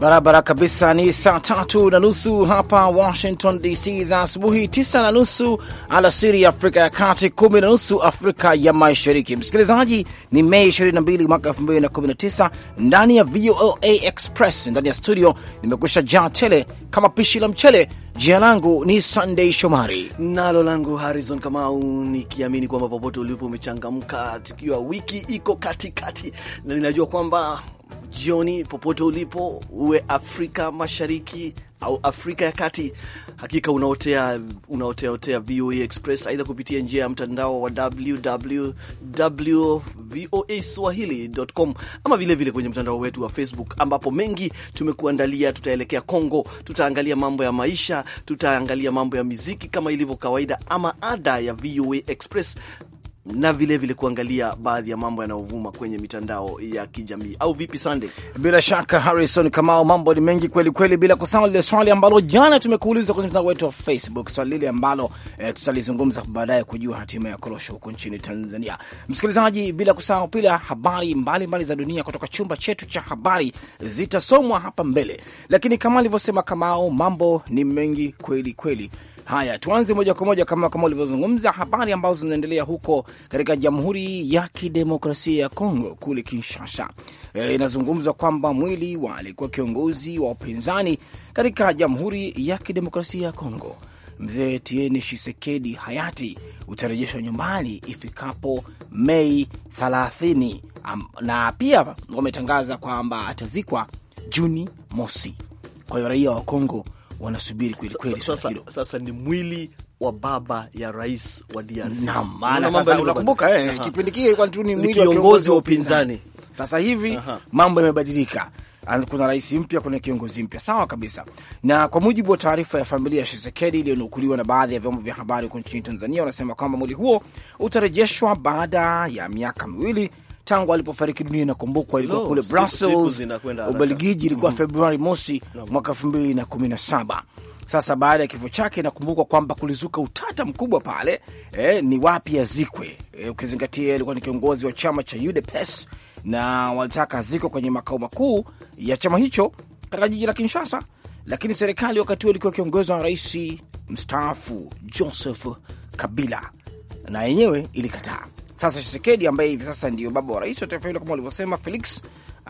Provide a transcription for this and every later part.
Barabara kabisa ni saa tatu na nusu hapa Washington DC za asubuhi, tisa na nusu alasiri ya Afrika ya Kati, kumi na nusu Afrika ya Mashariki. Msikilizaji, ni Mei 22 mwaka 2019 ndani ya VOA Express, ndani ya studio nimekusha jaa tele kama pishi la mchele. Jina langu ni Sunday Shomari, nalo langu Harrison Kamau, nikiamini kwamba popote ulipo umechangamka, tukiwa wiki iko katikati, na ninajua kwamba jioni, popote ulipo, uwe Afrika Mashariki au Afrika ya Kati, hakika unaotea unaoteaotea VOA Express, aidha kupitia njia ya mtandao wa www voa swahili.com ama vilevile vile kwenye mtandao wetu wa Facebook, ambapo mengi tumekuandalia. Tutaelekea congo tutaangalia mambo ya maisha, tutaangalia mambo ya miziki kama ilivyo kawaida, ama ada ya VOA Express na vilevile vile kuangalia baadhi ya mambo yanayovuma kwenye mitandao ya kijamii au vipi, Sunday? Bila shaka Harrison Kamau, mambo ni mengi kweli kweli, bila kusahau lile swali ambalo jana tumekuuliza kwenye mtandao wetu wa Facebook, swali lile ambalo e, tutalizungumza baadaye kujua hatima ya korosho huko nchini Tanzania. Msikilizaji, bila kusahau pila habari mbalimbali mbali za dunia kutoka chumba chetu cha habari zitasomwa hapa mbele, lakini kama alivyosema Kamau, mambo ni mengi kweli kweli Haya, tuanze moja kwa moja kama kama ulivyozungumza, habari ambazo zinaendelea huko katika Jamhuri ya Kidemokrasia ya Kongo kule Kinshasa. E, inazungumzwa kwamba mwili wa alikuwa kiongozi wa upinzani katika Jamhuri ya Kidemokrasia ya Kongo mzee Tieni shisekedi hayati utarejeshwa nyumbani ifikapo Mei 30, na pia wametangaza kwamba atazikwa Juni mosi. Kwa hiyo raia wa Kongo wanasubiri kwelikweli. Sasa, sasa ni mwili wa baba ya rais wa DRC. unakumbuka eh, kipindi kile ilikuwa tu ni mwili kiongozi wa upinzani. Sasa hivi mambo yamebadilika, kuna rais mpya, kuna kiongozi mpya. Sawa kabisa. Na kwa mujibu wa taarifa ya familia ya Shisekedi iliyonukuliwa na baadhi ya vyombo vya habari huko nchini Tanzania, wanasema kwamba mwili huo utarejeshwa baada ya miaka miwili tangu alipofariki dunia. Inakumbukwa ilikuwa kule Brussels, Ubelgiji, ilikuwa mm-hmm. Februari mosi mwaka elfu mbili na kumi na saba. Sasa baada ya kifo chake inakumbukwa kwamba kulizuka utata mkubwa pale eh, ni wapi azikwe eh, ukizingatia alikuwa ni kiongozi wa chama cha UDPS na walitaka azikwe kwenye makao makuu ya chama hicho katika jiji la Kinshasa, lakini serikali wakati huo ilikuwa ikiongozwa na rais mstaafu Joseph Kabila na yenyewe ilikataa. Sasa chisekedi ambaye hivi sasa ndio baba wa rais wa taifa hilo kama walivyosema Felix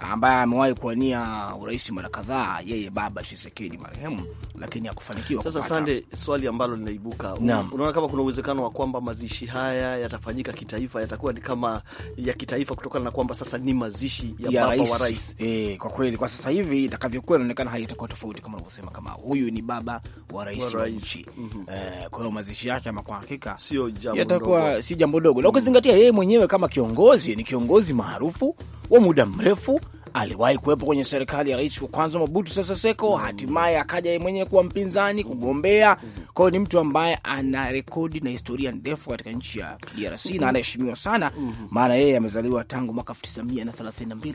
ambaye amewahi kuwania urais mara kadhaa, yeye Baba Tshisekedi marehemu, lakini hakufanikiwa. Sasa Sande, swali ambalo linaibuka, unaona kama kuna uwezekano wa kwamba mazishi haya yatafanyika kitaifa, yatakuwa ni kama ya kitaifa kutokana na kwamba sasa ni mazishi ya, ya baba rais, wa rais. E, kwa kweli kwa sasa hivi itakavyokuwa inaonekana hali itakuwa tofauti, kama unavyosema, kama huyu ni baba wa rais wa nchi mm -hmm. E, kwa hiyo mazishi yake ama kwa hakika sio jambo yatakuwa si jambo dogo la mm -hmm. ukizingatia yeye mwenyewe kama kiongozi ni kiongozi maarufu wa muda mrefu aliwahi kuwepo kwenye serikali ya rais wa kwanza Mobutu Sese Seko, hatimaye akaja yeye mwenyewe kuwa mpinzani kugombea. Kwa hiyo ni mtu ambaye ana rekodi na historia ndefu katika nchi ya DRC na anaheshimiwa sana, maana yeye amezaliwa tangu mwaka 1932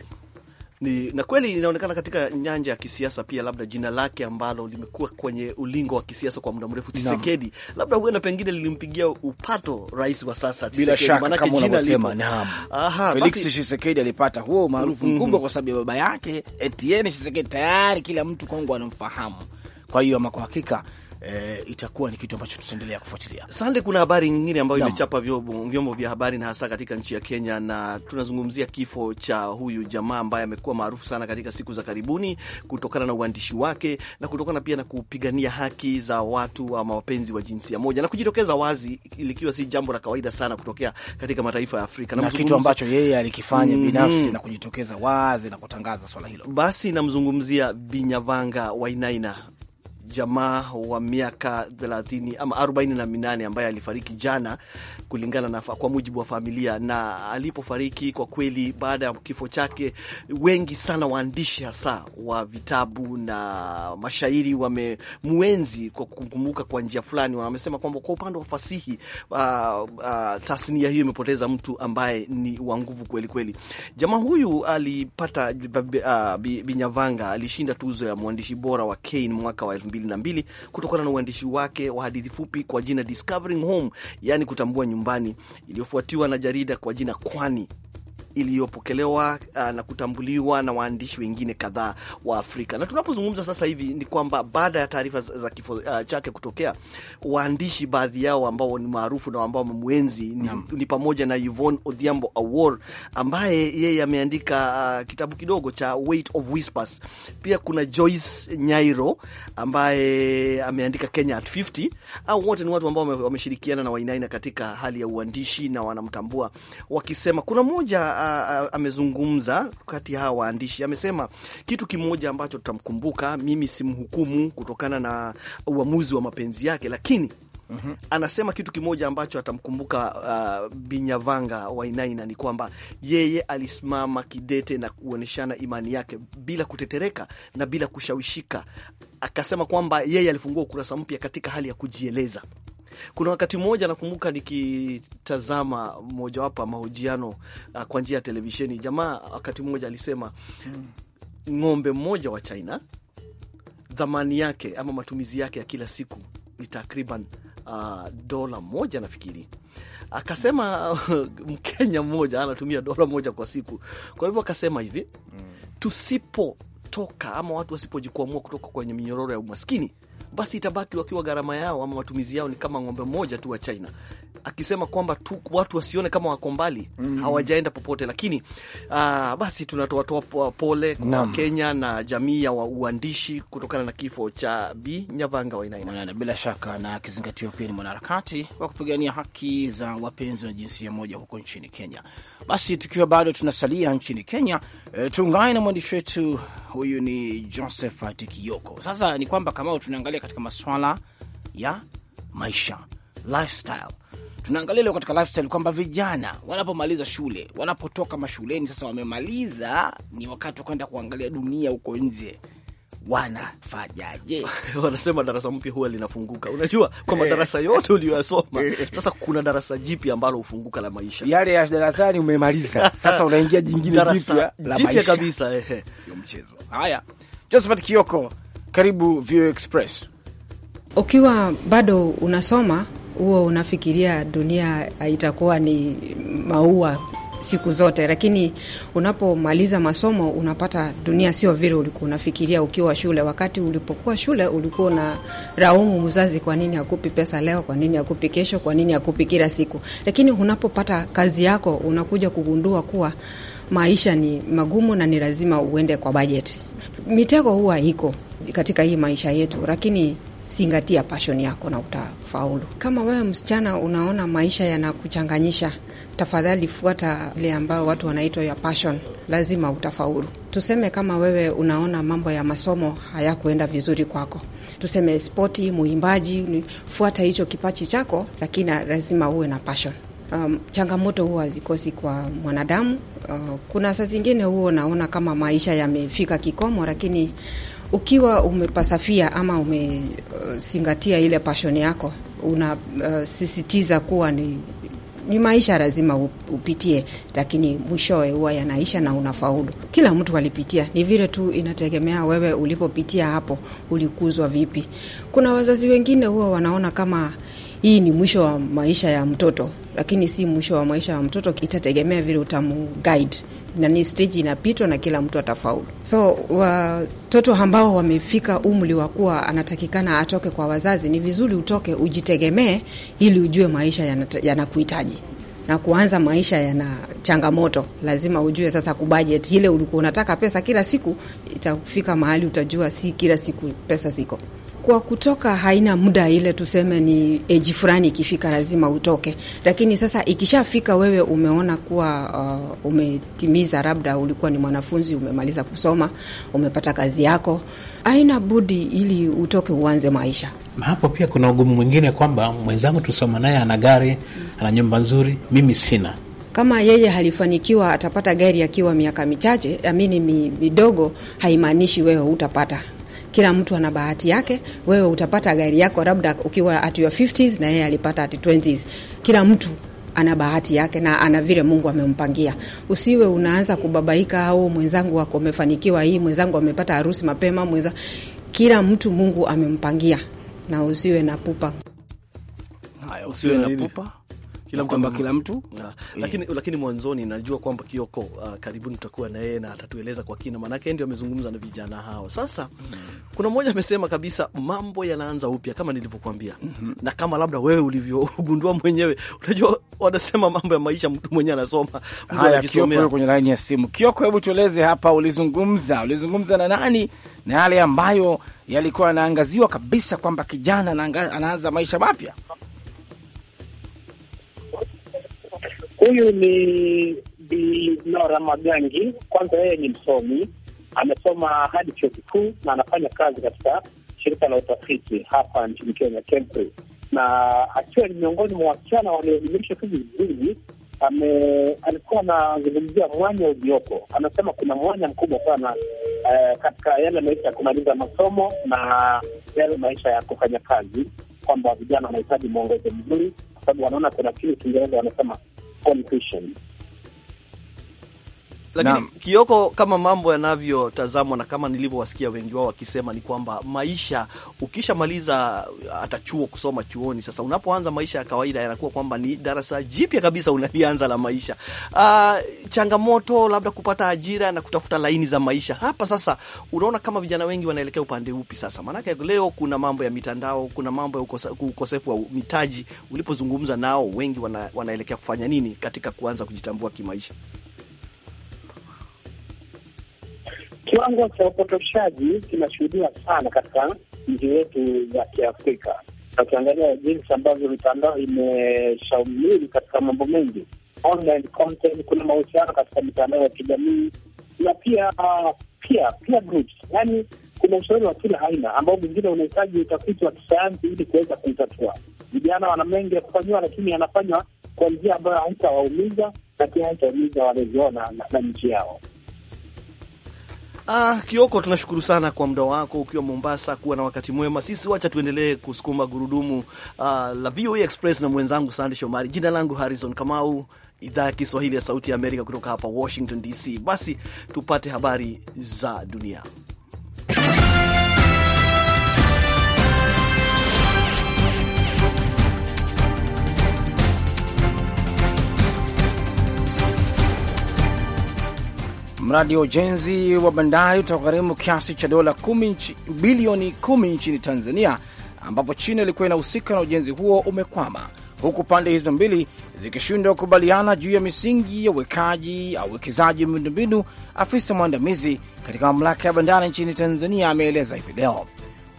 ni, na kweli inaonekana katika nyanja ya kisiasa pia, labda jina lake ambalo limekuwa kwenye ulingo wa kisiasa kwa muda mrefu Tshisekedi, labda huenda pengine lilimpigia upato rais wa sasa Felix Tshisekedi. Alipata huo umaarufu mm-hmm. mkubwa mm -hmm. kwa sababu ya baba yake Etienne Tshisekedi, tayari kila mtu Kongo anamfahamu. Kwa hiyo ama kwa hakika eh, itakuwa ni kitu ambacho tutaendelea kufuatilia. Sande, kuna habari nyingine ambayo Dam. imechapa vyombo, vyombo vya habari na hasa katika nchi ya Kenya, na tunazungumzia kifo cha huyu jamaa ambaye amekuwa maarufu sana katika siku za karibuni kutokana na uandishi wake na kutokana pia na kupigania haki za watu ama wapenzi wa jinsia moja na kujitokeza wazi, likiwa si jambo la kawaida sana kutokea katika mataifa ya Afrika na, na kitu ambacho yeye alikifanya mm, binafsi na kujitokeza wazi na kutangaza swala hilo. Basi namzungumzia Binyavanga Wainaina jamaa wa miaka 30 ama 48 ambaye alifariki jana kulingana na kwa mujibu wa familia. Na alipofariki kwa kweli, baada ya kifo chake, wengi sana waandishi hasa wa vitabu na mashairi wamemwenzi kwa kukumbuka kwa njia fulani. Wamesema kwamba kwa upande wa fasihi, uh, uh, tasnia hiyo imepoteza mtu ambaye ni wa nguvu kweli kweli. Jamaa huyu alipata uh, Binyavanga alishinda tuzo ya mwandishi bora wa Kane mwaka wa 2022 kutokana na uandishi wake wa hadithi fupi kwa jina Discovering Home, yani kutambua nyumbani, iliyofuatiwa na jarida kwa jina Kwani iliyopokelewa uh, na kutambuliwa na waandishi wengine kadhaa wa Afrika. Na tunapozungumza sasa hivi ni kwamba baada ya taarifa za kifo uh, chake kutokea, waandishi baadhi yao ambao ni maarufu na ambao wamemwenzi ni, ni pamoja na Yvonne Odhiambo Awor ambaye yeye ameandika uh, kitabu kidogo cha Weight of Whispers. Pia kuna Joyce Nyairo ambaye ameandika Kenya at 50 au wote ni watu ambao wameshirikiana na Wainaina katika hali ya uandishi na wanamtambua wakisema kuna moja amezungumza kati ya hawa waandishi, amesema kitu kimoja ambacho tutamkumbuka. Mimi simhukumu kutokana na uamuzi wa mapenzi yake, lakini Mm -hmm. Anasema kitu kimoja ambacho atamkumbuka uh, Binyavanga Wainaina ni kwamba yeye alisimama kidete na kuonyeshana imani yake bila kutetereka na bila kushawishika. Akasema kwamba yeye alifungua ukurasa mpya katika hali ya kujieleza. Kuna wakati mmoja nakumbuka nikitazama mojawapo ya mahojiano uh, kwa njia ya televisheni, jamaa wakati mmoja alisema ng'ombe mmoja wa China thamani yake ama matumizi yake ya kila siku ni takriban uh, dola moja nafikiri akasema. Mkenya mmoja anatumia dola moja kwa siku. Kwa hivyo akasema hivi, mm. tusipotoka ama watu wasipojikwamua kutoka kwenye minyororo ya umaskini basi itabaki wakiwa gharama yao ama matumizi yao ni kama ng'ombe mmoja tu wa China akisema kwamba tu watu wasione kama wako mbali mm. hawajaenda popote, lakini aa, ah, basi tunatoatoa pole kwa Nam. Kenya na jamii ya uandishi kutokana na kifo cha B Nyavanga Wainaina. Bila shaka na akizingatiwa pia ni mwanaharakati wa kupigania haki za wapenzi wa jinsia moja huko nchini Kenya. Basi tukiwa bado tunasalia nchini Kenya, e, tuungane na mwandishi wetu huyu ni Josephat Kioko. Sasa ni kwamba kamao tunaangalia katika maswala ya maisha lifestyle. Tunaangalia leo katika lifestyle kwamba vijana wanapomaliza shule, wanapotoka mashuleni, sasa wamemaliza, ni wakati wa kwenda kuangalia dunia huko nje wanafanyaje? Wanasema darasa mpya huwa linafunguka. Unajua kwa madarasa eh. yote uliyoyasoma eh. sasa kuna darasa jipya ambalo hufunguka la maisha. Yale ya darasani umemaliza, sasa unaingia jingine jipya la maisha kabisa. Ehe, sio mchezo. Haya, Josephat Kioko, karibu Vio Express. Ukiwa bado unasoma huo unafikiria dunia itakuwa ni maua siku zote, lakini unapomaliza masomo unapata dunia sio vile ulikuwa unafikiria ukiwa shule. Wakati ulipokuwa shule ulikuwa na raumu mzazi, kwa nini akupi pesa leo, kwa nini akupi kesho, kwa nini akupi kila siku. Lakini unapopata kazi yako unakuja kugundua kuwa maisha ni magumu na ni lazima uende kwa bajeti. Mitego huwa iko katika hii maisha yetu, lakini zingatia passion yako na utafaulu. Kama wewe msichana unaona maisha yanakuchanganyisha, tafadhali fuata ile ambayo watu wanaitwa ya passion, lazima utafaulu. Tuseme kama wewe unaona mambo ya masomo hayakuenda vizuri kwako, tuseme spoti, muimbaji, fuata hicho kipachi chako, lakini lazima uwe na passion. Um, changamoto huwa hazikosi kwa mwanadamu. Uh, kuna saa zingine huwa unaona kama maisha yamefika kikomo, lakini ukiwa umepasafia ama umezingatia uh, ile pashoni yako unasisitiza eh, uh, kuwa ni ni maisha lazima upitie, lakini mwishowe huwa yanaisha na unafaulu. Kila mtu alipitia, ni vile tu inategemea wewe ulipopitia hapo ulikuzwa vipi. Kuna wazazi wengine huwa wanaona kama hii ni mwisho wa maisha ya mtoto, lakini si mwisho wa maisha ya mtoto, itategemea vile utamu guide na ni stage inapitwa na kila mtu atafaulu. So watoto ambao wamefika umri wa kuwa anatakikana atoke kwa wazazi, ni vizuri utoke ujitegemee, ili ujue maisha yanakuhitaji na kuanza maisha yana changamoto. Lazima ujue sasa ku ile ulikuwa unataka pesa kila siku, itafika mahali utajua si kila siku pesa ziko kwa kutoka haina muda ile tuseme ni eji fulani ikifika lazima utoke, lakini sasa ikishafika wewe umeona kuwa uh, umetimiza, labda ulikuwa ni mwanafunzi umemaliza kusoma umepata kazi yako, haina budi ili utoke uanze maisha. Hapo pia kuna ugumu mwingine kwamba mwenzangu tusoma naye ana gari ana nyumba nzuri, mimi sina kama yeye halifanikiwa atapata gari akiwa miaka michache amini midogo, haimaanishi wewe utapata. Kila mtu ana bahati yake. Wewe utapata gari yako labda ukiwa at your 50s na yeye alipata at 20s. Kila mtu ana bahati yake na ana vile Mungu amempangia. Usiwe unaanza kubabaika au mwenzangu wako amefanikiwa, hii mwenzangu amepata harusi mapema, mwenza. Kila mtu Mungu amempangia, na usiwe na pupa. Haya, usiwe na pupa kila mtu, kila mtu na, eh. lakini, lakini mwanzoni najua kwamba Kioko uh, karibuni tutakuwa na yeye na atatueleza kwa kina, maanake ndio amezungumza na vijana hao Sasa mm. kuna mmoja amesema kabisa mambo yanaanza upya kama nilivyokuambia mm -hmm. na kama labda wewe ulivyogundua mwenyewe. Unajua wanasema mambo ya maisha, mtu mwenyewe anasoma, mtu anajisomea. Kwenye laini ya simu, Kioko, hebu tueleze hapa, ulizungumza ulizungumza na nani na yale ambayo yalikuwa yanaangaziwa kabisa kwamba kijana anaanza maisha mapya? Huyu ni Bi Nora Magangi. Kwanza yeye ni msomi, amesoma hadi chuo kikuu na anafanya kazi katika shirika la utafiti hapa nchini Kenya, KEMPRI, na akiwa ni miongoni mwa wasichana walioelimishwa tu vizuri ame- alikuwa anazungumzia mwanya uliopo. Anasema kuna mwanya mkubwa sana eh, katika yale maisha ya kumaliza masomo na yale maisha ya kufanya kazi, kwamba vijana wanahitaji mwongozo mzuri, kwa sababu wanaona kuna kile Kiingereza wanasema competition Lakini na, Kioko, kama mambo yanavyotazamwa na kama nilivyowasikia wengi wao wakisema ni kwamba maisha ukishamaliza uh, hata chuo kusoma chuoni, sasa unapoanza maisha ya kawaida yanakuwa kwamba ni darasa jipya kabisa unalianza la maisha. Uh, changamoto labda kupata ajira na kutafuta laini za maisha hapa. Sasa unaona kama vijana wengi wanaelekea upande upi sasa? Maanake leo kuna mambo ya mitandao, kuna mambo ya ukosefu wa mitaji. Ulipozungumza nao wengi wana, wanaelekea kufanya nini katika kuanza kujitambua kimaisha? Kiwango cha upotoshaji kinashuhudiwa sana katika nchi yetu za Kiafrika, na ukiangalia jinsi ambavyo mitandao imeshaumili katika mambo mengi, online content, kuna mahusiano katika mitandao ya kijamii na pia pia pia groups, yaani, kuna ushauri wa kila aina ambao mwingine unahitaji utafiti wa kisayansi ili kuweza kuitatua. Vijana wana mengi ya kufanyiwa, lakini yanafanywa kwa njia ambayo haitawaumiza na pia haitaumiza walezi na nchi yao. Ah, Kioko, tunashukuru sana kwa muda wako ukiwa Mombasa. Kuwa na wakati mwema. Sisi wacha tuendelee kusukuma gurudumu ah, la VOA Express na mwenzangu Sandy Shomari. Jina langu Harrison Kamau, idhaa ya Kiswahili ya Sauti ya Amerika kutoka hapa Washington DC. Basi tupate habari za dunia. Mradi wa ujenzi wa bandari utagharimu kiasi cha dola bilioni kumi nchini Tanzania, ambapo China ilikuwa inahusika na ujenzi huo umekwama, huku pande hizo mbili zikishindwa kukubaliana juu ya misingi ya uwekaji au uwekezaji wa miundombinu. Afisa mwandamizi katika mamlaka ya bandari nchini Tanzania ameeleza hivi leo.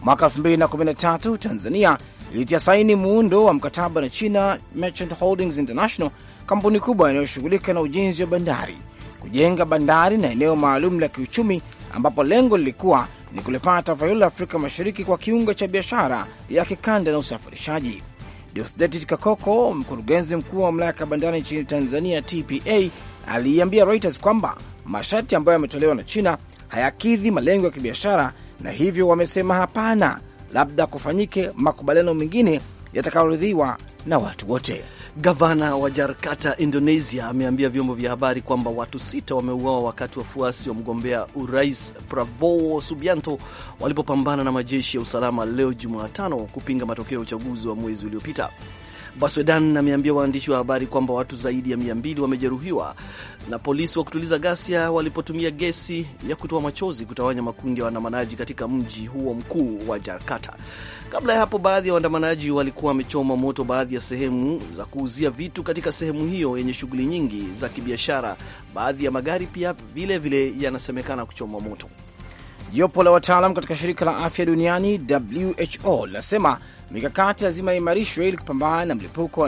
Mwaka 2013 Tanzania ilitia saini muundo wa mkataba na China Merchant Holdings International, kampuni kubwa inayoshughulika na ujenzi wa bandari kujenga bandari na eneo maalum la kiuchumi ambapo lengo lilikuwa ni kulifanya taifa hilo la Afrika Mashariki kwa kiunga cha biashara ya kikanda na usafirishaji. Deusdedit Kakoko, mkurugenzi mkuu wa mamlaka ya bandari nchini Tanzania TPA, aliiambia Reuters kwamba masharti ambayo yametolewa na China hayakidhi malengo ya kibiashara, na hivyo wamesema hapana, labda kufanyike makubaliano mengine yatakayoridhiwa na watu wote. Gavana wa Jakarta, Indonesia, ameambia vyombo vya habari kwamba watu sita wameuawa wakati wafuasi wa mgombea urais Prabowo Subianto walipopambana na majeshi ya usalama leo Jumatano kupinga matokeo ya uchaguzi wa mwezi uliopita. Baswedan ameambia waandishi wa habari kwamba watu zaidi ya 200 wamejeruhiwa na polisi wa kutuliza ghasia walipotumia gesi ya kutoa machozi kutawanya makundi ya waandamanaji katika mji huo mkuu wa Jakarta. Kabla ya hapo, baadhi ya waandamanaji walikuwa wamechoma moto baadhi ya sehemu za kuuzia vitu katika sehemu hiyo yenye shughuli nyingi za kibiashara. Baadhi ya magari pia vilevile yanasemekana kuchoma moto. Jopo la wataalam katika shirika la afya duniani WHO linasema mikakati lazima imarishwe ili kupambana na mlipuko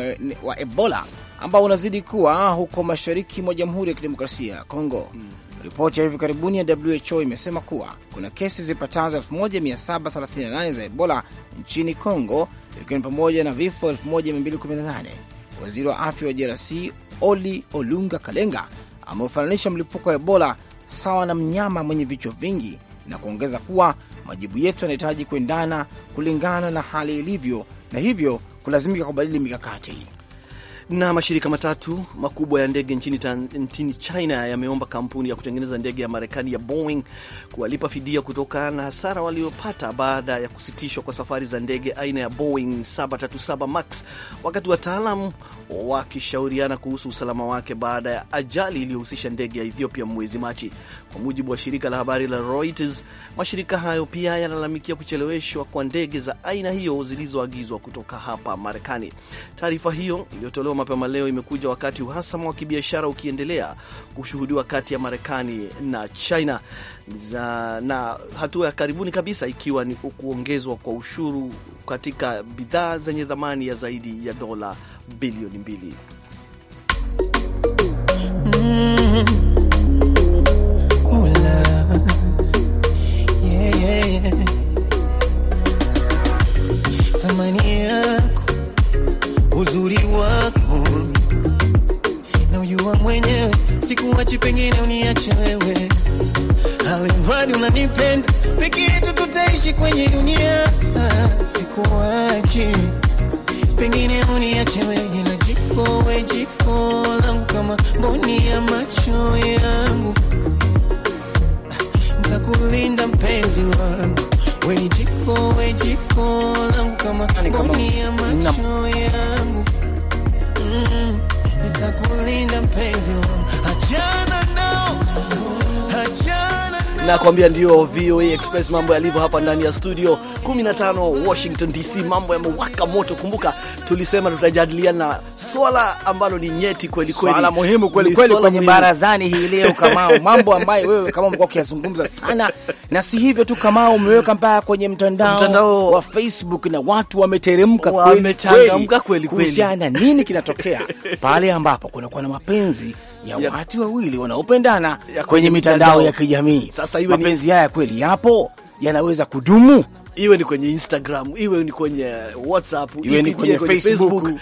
wa Ebola ambao unazidi kuwa huko mashariki mwa Jamhuri ya Kidemokrasia ya Kongo. Hmm. Ripoti ya hivi karibuni ya WHO imesema kuwa kuna kesi zipatazo 1738 za Ebola nchini Kongo, ikiwa ni pamoja na vifo 1218. Waziri wa afya wa DRC Oli Olunga Kalenga ameufananisha mlipuko wa Ebola sawa na mnyama mwenye vichwa vingi na kuongeza kuwa majibu yetu yanahitaji kuendana kulingana na hali ilivyo, na hivyo kulazimika kubadili mikakati. Na mashirika matatu makubwa ya ndege nchini, nchini China yameomba kampuni ya kutengeneza ndege ya Marekani ya Boeing kuwalipa fidia kutokana na hasara waliopata baada ya kusitishwa kwa safari za ndege aina ya Boeing 737 Max, wakati wataalam wakishauriana kuhusu usalama wake baada ya ajali iliyohusisha ndege ya Ethiopia mwezi Machi. Kwa mujibu wa shirika la habari la Reuters, mashirika hayo pia yanalalamikia kucheleweshwa kwa ndege za aina hiyo zilizoagizwa kutoka hapa Marekani. Taarifa hiyo iliyotolewa mapema leo imekuja wakati uhasama wa kibiashara ukiendelea kushuhudiwa kati ya Marekani na China na, na hatua ya karibuni kabisa ikiwa ni kuongezwa kwa ushuru katika bidhaa zenye thamani ya zaidi ya dola bilioni mbili. Mm. kochi, pengine uniache wewe, alimradi unanipenda, peke yetu tutaishi kwenye dunia, sikuwachi pengine uniache wewe na jiko we jiko langu kama mboni ya macho yangu, ntakulinda mpenzi wangu, we jiko we jiko langu kama yaani mboni ya macho yangu atakulinda mpenzi wangu, achana Nakwambia ndio VOA Express, mambo yalivyo hapa ndani ya studio 15 Washington DC, mambo yamewaka moto. Kumbuka tulisema tutajadiliana swala ambalo ni nyeti kweli kweli, swala muhimu kweli kweli kwenye barazani hii leo Kamao, mambo ambayo wewe kama mko ukiyazungumza sana, na si hivyo tu Kamao, umeweka mpaka kwenye mtandao, mtandao wa Facebook na watu wameteremka kweli kweli, kuhusiana nini kinatokea pale ambapo kunakuwa na mapenzi ya, ya watu wawili wanaopendana kwenye mitandao ya kijamii. Sasa iwe mapenzi haya kweli yapo, yanaweza kudumu? Iwe ni kwenye Instagram, iwe ni kwenye WhatsApp, iwe ni kwenye, kwenye Facebook, Facebook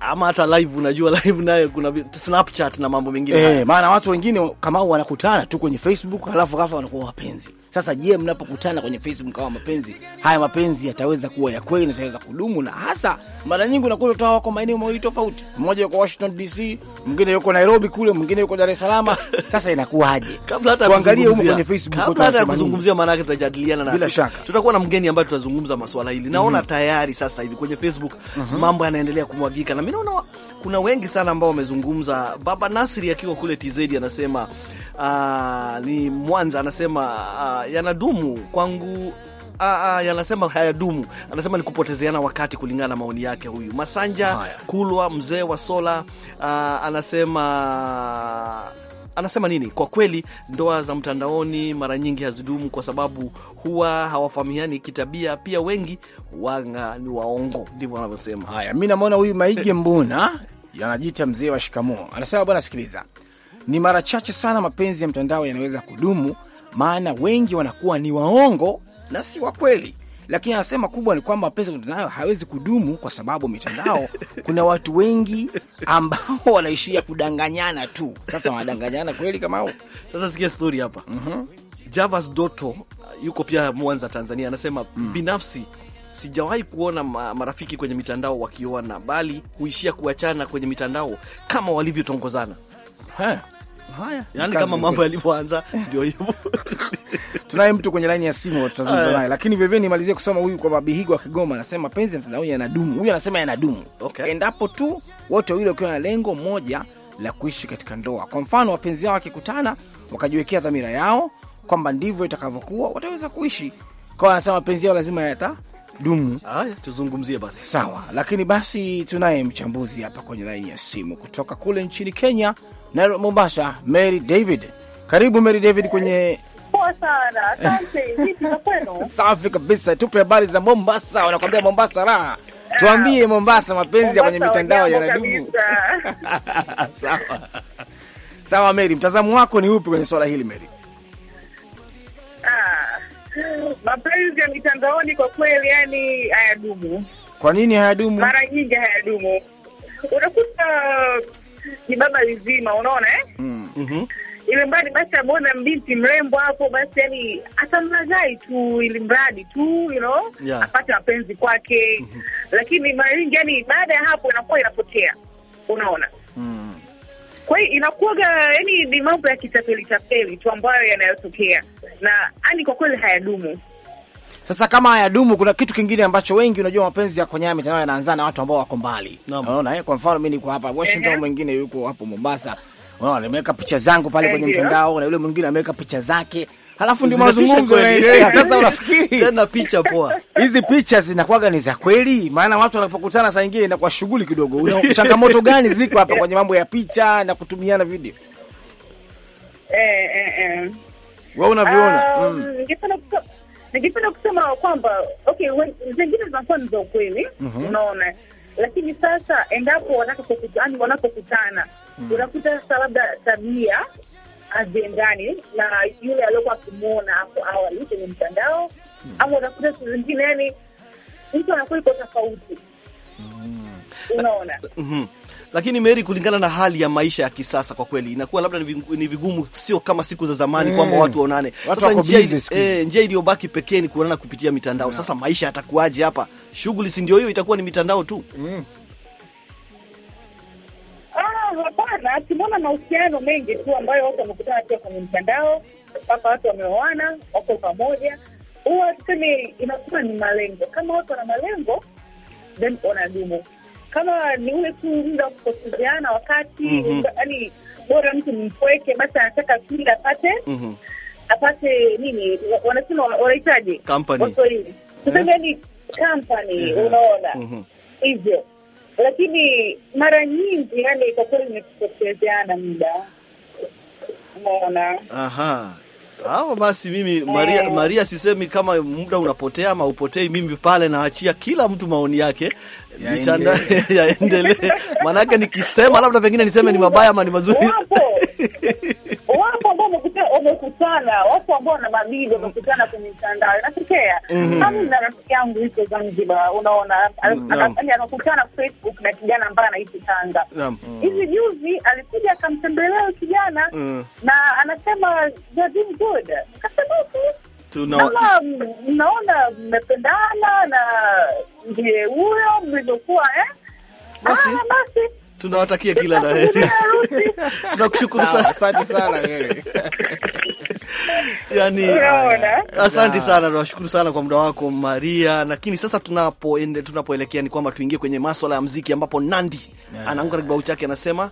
ama hata live. Unajua live nayo kuna Snapchat na mambo mengine eh, maana watu wengine kama wanakutana tu kwenye Facebook halafu ghafla wanakuwa wapenzi. Sasa je, mnapokutana kwenye Facebook kama mapenzi haya, mapenzi yataweza kuwa ya kweli na yataweza kudumu? Na hasa mara nyingi unakuta watu wako maeneo mawili tofauti, mmoja yuko Washington DC, mwingine yuko Nairobi kule, mwingine yuko Dar es Salaam. Sasa inakuwaje? kabla hata kuangalia huko kwenye Facebook, kabla hata kuzungumzia, maana yake tutajadiliana na bila shaka tutakuwa na mgeni ambaye tutazungumza masuala hili. Naona mm -hmm. tayari sasa hivi kwenye Facebook mm -hmm. mambo yanaendelea kumwagika, na mimi naona kuna wengi sana ambao wamezungumza. Baba Nasri akiwa kule TZ anasema Ah, ni Mwanza anasema ah, yanadumu kwangu ah, yanasema hayadumu, anasema ni kupotezeana wakati, kulingana na maoni yake huyu Masanja Haya. Kulwa mzee wa sola aa, anasema anasema nini? Kwa kweli ndoa za mtandaoni mara nyingi hazidumu kwa sababu huwa hawafahamiani kitabia, pia wengi wanga ni waongo, ndivyo wanavyosema. Haya, mi namwona huyu Maige Mbuna yanajiita mzee wa shikamoo, anasema bwana, sikiliza ni mara chache sana mapenzi ya mtandao yanaweza kudumu, maana wengi wanakuwa ni waongo na si wa kweli. Lakini anasema kubwa ni kwamba mapenzi ya mtandao hawezi kudumu kwa sababu mitandao, kuna watu wengi ambao wanaishia kudanganyana tu. Sasa wanadanganyana kweli kama hao? Sasa sikia stori hapa. mm-hmm. Javas Doto uh, yuko pia Mwanza, Tanzania, anasema mm. binafsi sijawahi kuona marafiki kwenye mitandao wakioana, bali huishia kuachana kwenye mitandao kama walivyotongozana Haya, yani kama mambo yalivyoanza ndio hivyo. Tunaye mtu kwenye laini ya simu tutazungumza naye, lakini vivyo nimalizie kusoma huyu kwa Mabihigo wa Kigoma, anasema penzi ya mtandaoni yanadumu. Huyu anasema yanadumu, okay, endapo tu wote wawili wakiwa na lengo moja la kuishi katika ndoa. Kwa mfano, wapenzi wao wakikutana wakajiwekea dhamira yao kwamba ndivyo itakavyokuwa, wataweza kuishi kwa, anasema penzi yao lazima yata dumu. Haya, tuzungumzie basi, sawa. Lakini basi tunaye mchambuzi hapa kwenye laini ya simu kutoka kule nchini Kenya Nairobi, Mombasa, Mary David. Karibu Mary David kwenye safi kabisa, tupe habari za Mombasa. Wanakwambia Mombasa raha, tuambie Mombasa mapenzi ya kwenye mitandao yanadumu. Sawa sawa, Mary, mtazamo wako ni upi kwenye swala hili Mary? Ah, mapenzi ya mitandaoni kwa kweli, yani hayadumu. Kwa nini hayadumu? Mara nyingi hayadumu, unakuta ni baba mzima, unaona eh? mm mm-hmm. -hmm. Ili mradi basi amona mbinti mrembo hapo, basi yani atamlagai tu, ili mradi tu you know, yeah. apate mapenzi kwake mm -hmm. Lakini mara nyingi yani baada ya hapo inakuwa inapotea, unaona mm-hmm. Kwa hiyo inakuwaga yani ni mambo ya kitapeli tapeli tu ambayo yanayotokea na ani kwa kweli hayadumu. Sasa kama haya dumu, kuna kitu kingine ambacho wengi, unajua, mapenzi ya kwenye mitandao yanaanza na watu ambao wako mbali, unaona. eh. Kwa mfano mimi niko hapa Washington, mhm. mwingine yuko hapo Mombasa, unaona, nimeweka picha zangu pale kwenye mtandao na yule mwingine ameweka picha zake Halafu ndio mazungumzo yanaendelea. Sasa unafikiri tena picha poa, hizi picha zinakuwaga ni za kweli? Maana watu wanapokutana saa nyingine inakuwa shughuli kidogo. Una changamoto gani ziko hapa kwenye mambo ya picha na kutumiana video? Eh, eh, eh, wewe unaviona? Um, mm ningependa kusema kwamba okay, zingine zinakuwa ni za ukweli, mhm. unaona, lakini sasa endapo wanapokutana wanapokutana, mm. unakuta sasa labda tabia aziendani na yule aliyokuwa akimwona hapo awali kwenye mtandao, mm. ama unakuta siku zingine, yani mtu anakuwa iko tofauti, mm. unaona. Mm-hmm. Lakini Meri, kulingana na hali ya maisha ya kisasa, kwa kweli inakuwa labda ni vigumu, sio kama siku za zamani mm, kwamba watu waonane. Sasa njia, eh, njia iliyobaki pekee ni kuonana kupitia mitandao yeah. Sasa maisha yatakuwaje hapa? Shughuli si ndio hiyo, itakuwa ni mitandao tu mm. Ah, hapana, tumeona mahusiano mengi tu ambayo watu wamekutana pia kwenye mtandao, mpaka watu wameoana, wako pamoja. Huwa tuseme inakuwa ni malengo, kama watu wana malengo then wanadumu kama ni ule tu muda wa kupotezeana wakati, yaani bora mtu mpweke basi, anataka kila apate mhm. apate nini, wanasema wanahitaji company, mhm. tuseme ni company, unaona hivyo. Lakini mara nyingi, yani kwa kweli, nimepotezeana muda, unaona. Aha. Sawa basi, mimi Maria, hey. Eh. Maria sisemi kama muda unapotea ama upotei, mimi pale naachia kila mtu maoni yake mitandao yaendelee, manake nikisema labda pengine niseme ni mabaya ama ni mazuri wamekutana watu ambao wana mabidi mm. wamekutana kwenye mtandao inatokea. na mm-hmm. rafiki yangu yuko Zanzibar, unaona, anakutana Facebook na kijana ambaye anaishi Tanga. Hivi juzi alikuja akamtembelea kijana mm. na anasema good, kama mnaona mmependana na ndiye huyo mlivyokuwa, eh? ah, Basi tunawatakia kila la heri tunakushukuru sana, asante sana Yani, asante sana, tunashukuru sana kwa muda wako Maria. Lakini sasa tunapoende, tunapoelekea ni kwamba tuingie kwenye maswala ya mziki, ambapo Nandi yeah, anaanguka na kibao chake, anasema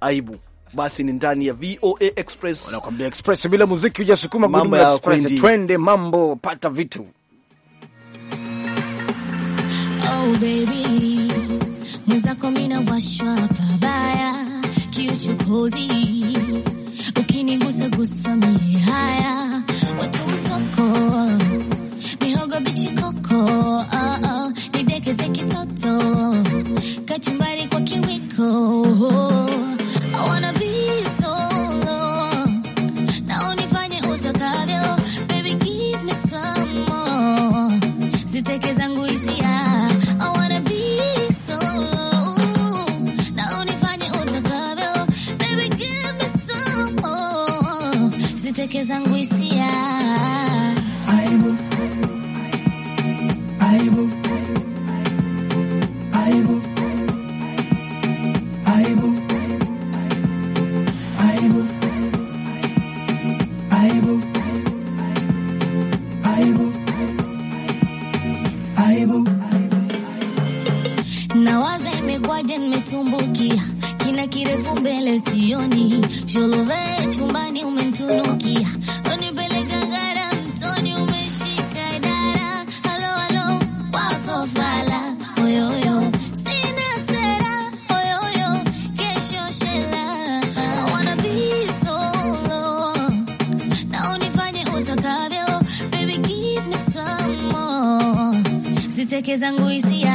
aibu basi ni ndani ya VOA Express. Wanakuambia Express bila muziki hujasukuma mambo ya Express. Twende mambo, pata vitu. Oh baby, mwenzako mina washwa pabaya sitaki uchokozi, ukinigusa gusa mie mihogo bichi koko oh ah, oh, ah, nidekeze kitoto kachumbari kwa kiwiko oh. niteke zangu hisia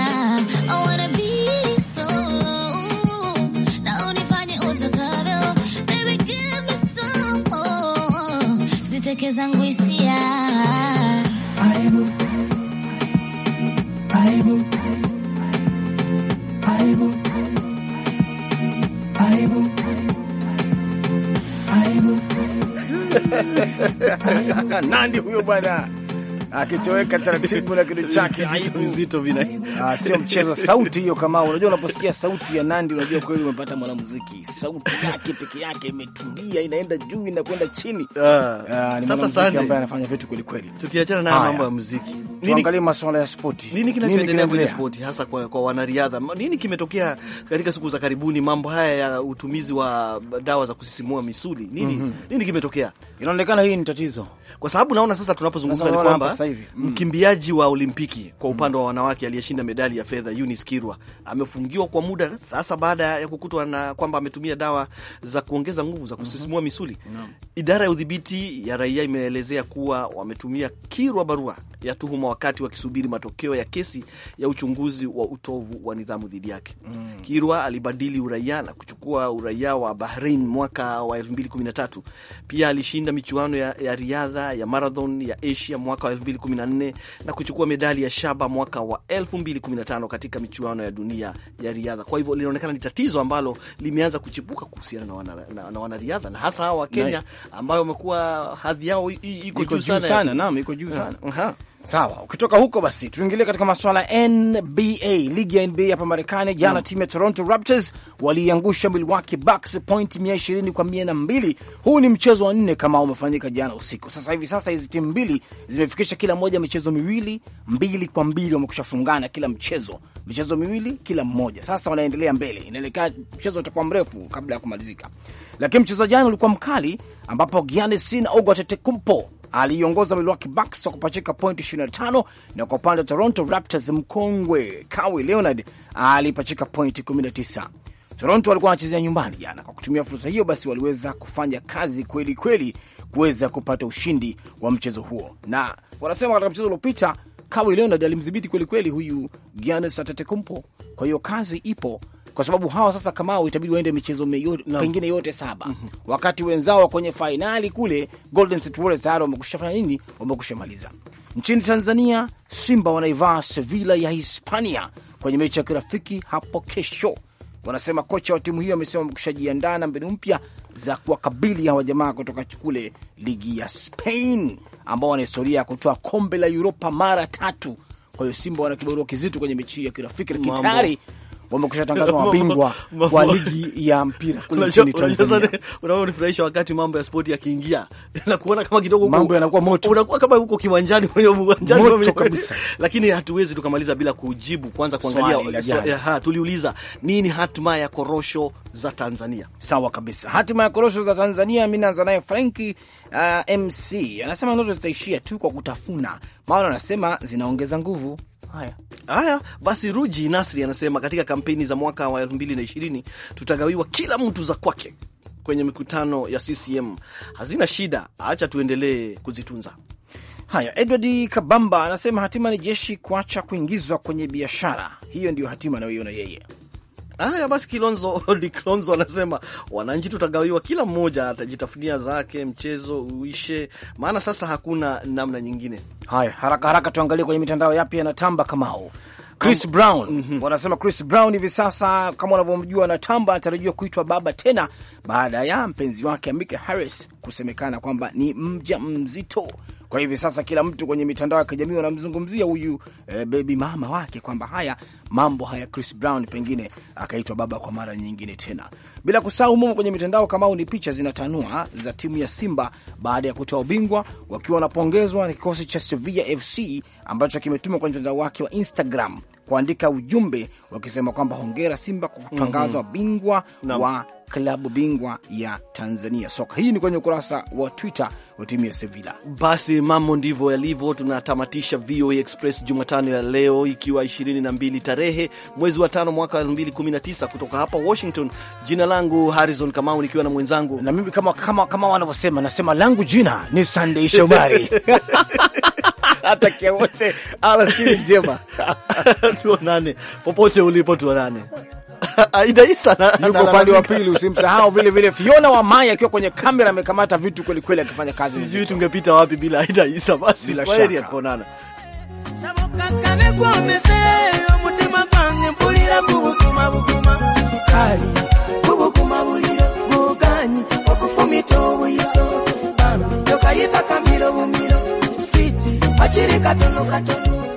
Nandi huyo bwana akitoweka taratibu na kitu chake vizito vile. Ah, sio mchezo. Sauti hiyo kama unajua, unaposikia sauti ya Nandi unajua kweli umepata mwanamuziki. Sauti yake peke yake imetulia, inaenda juu, inakwenda chini. Ah, ah ni sasa ambaye anafanya vitu kweli kweli. Tukiachana na mambo ya muziki tuangalie masuala ya spoti. Nini kinachoendelea kwenye spoti hasa kwa, kwa wanariadha? Nini kimetokea katika siku za karibuni, mambo haya ya utumizi wa dawa za kusisimua misuli nini, mm -hmm. nini kimetokea? Inaonekana hii ni tatizo, kwa sababu naona sasa tunapozungumza ni kwamba mm. mkimbiaji wa Olimpiki kwa mm. upande wa wanawake aliyeshinda medali ya fedha Eunice Kirwa amefungiwa kwa muda sasa baada ya kukutwa na kwamba ametumia dawa za kuongeza nguvu za mhm. kusisimua misuli Idara ya udhibiti ya raia imeelezea kuwa wametumia Kirwa barua ya tuhuma wakati wakisubiri matokeo ya kesi ya uchunguzi wa utovu wa nidhamu dhidi yake. Mm. Kirwa alibadili uraia na kuchukua uraia wa Bahrain mwaka wa 2013. Pia alishinda michuano ya, ya riadha ya marathon ya Asia mwaka wa 2014 na kuchukua medali ya shaba mwaka wa 2015 katika michuano ya dunia ya riadha. Kwa hivyo linaonekana ni tatizo ambalo limeanza kuchipuka kuhusiana na wanariadha na, wana na hasa hawa Wakenya ambayo wamekuwa hadhi yao iko juu sana, naam iko juu sana. Sawa, ukitoka huko basi tuingilie katika masuala ya NBA, ligi ya NBA hapa Marekani. Jana mm, timu ya Toronto Raptors waliiangusha Milwaukee Bucks point 120 kwa 102. Huu ni mchezo wa nne kama umefanyika jana usiku. Sasa hivi sasa hizi timu mbili zimefikisha kila moja michezo miwili, mbili kwa mbili, wamekusha fungana kila mchezo, michezo miwili kila mmoja. Sasa wanaendelea mbele, inaelekea mchezo utakuwa mrefu kabla ya kumalizika, lakini mchezo jana ulikuwa mkali ambapo Giannis Antetokounmpo aliiongoza Milwaukee Bucks kwa kupachika point 25, na kwa upande wa Toronto Raptors mkongwe Kawhi Leonard alipachika point 19. Toronto walikuwa wanachezea nyumbani jana. Kwa kutumia fursa hiyo, basi waliweza kufanya kazi kweli kweli kuweza kupata ushindi wa mchezo huo, na wanasema katika mchezo uliopita Kawhi Leonard alimdhibiti kweli kweli huyu Giannis Antetokounmpo. Kwa hiyo kazi ipo kwa sababu hawa sasa Kamau itabidi waende michezo pengine yote saba mm -hmm. wakati wenzao wa kwenye fainali kule Golden State Warriors tayari wamekushafanya nini, wamekushamaliza. Nchini Tanzania, Simba wanaivaa Sevilla ya Hispania kwenye mechi ya kirafiki hapo kesho. Wanasema kocha wa timu hiyo amesema wamekushajiandaa na mbinu mpya za kuwakabili hawa jamaa kutoka kule ligi ya Spain ambao wana historia ya kutoa kombe la Uropa mara tatu. Kwa hiyo Simba wana kibarua kizito kwenye mechi hii ya kirafiki, lakini tayari wamekusha tangazwa mabingwa wa ligi ya mpira kule nchini Tanzania. Unaonifurahisha wakati mambo ya spoti yakiingia, nakuona kama kidogo mambo yanakuwa moto, unakuwa kama huko kiwanjani, kwenye uwanjani moto kabisa. Lakini hatuwezi tukamaliza bila kujibu kwanza, kuangalia eh, ha, tuliuliza nini hatima ya korosho za Tanzania. Sawa kabisa, hatima ya korosho za Tanzania. Mimi naanza naye Franki uh, MC anasema ndoto zitaishia tu kwa kutafuna mara anasema zinaongeza nguvu. Haya haya basi, Ruji Nasri anasema katika kampeni za mwaka wa 2020 tutagawiwa kila mtu za kwake kwenye mikutano ya CCM. Hazina shida, acha tuendelee kuzitunza. Haya, Edward Kabamba anasema hatima ni jeshi kuacha kuingizwa kwenye biashara. Hiyo ndiyo hatima anayoiona yeye. Haya basi, Kilonzo kilonzo anasema wananchi tutagawiwa, kila mmoja atajitafunia zake, mchezo uishe, maana sasa hakuna namna nyingine. Haya, haraka haraka tuangalie kwenye mitandao yapi yanatamba. huu Chris Brown mm -hmm. Wanasema Chris Brown hivi sasa kama unavyomjua, tamba anatarajiwa kuitwa baba tena baada ya mpenzi wake Mike Harris kusemekana kwamba ni mja mzito. Kwa hivi sasa kila mtu kwenye mitandao ya kijamii wanamzungumzia huyu e, baby mama wake kwamba haya mambo haya, Chris Brown pengine akaitwa baba kwa mara nyingine tena. Bila kusahau mumo kwenye mitandao kama ni picha zinatanua za timu ya Simba baada ya kutoa ubingwa wakiwa wanapongezwa na kikosi cha Sevilla FC ambacho kimetuma kwenye mtandao wake wa Instagram kuandika ujumbe wakisema kwamba hongera Simba kwa kutangazwa mm -hmm. bingwa no. wa klabu bingwa ya Tanzania soka. Hii ni kwenye ukurasa wa Twitter wa timu ya Sevilla. Basi mambo ndivyo yalivyo, tunatamatisha VOA Express Jumatano ya leo, ikiwa 22 tarehe mwezi wa tano mwaka 2019 kutoka hapa Washington. Jina langu Harrison Kamau, nikiwa na mwenzangu na mimi kama, kama, kama wanavyosema, nasema langu jina ni Sunday Shomari atakia wote alasiri njema, tuonane popote ulipo, tuonane. Aida Isa yuko upande wa pili, usimsahau vile vile Fiona wa Maya akiwa kwenye kamera amekamata vitu kweli kweli, akifanya kazi. Sijui tungepita wapi bila Aida Isa. Basi bila shaka ya kuonana. vachiri katunuka tunuka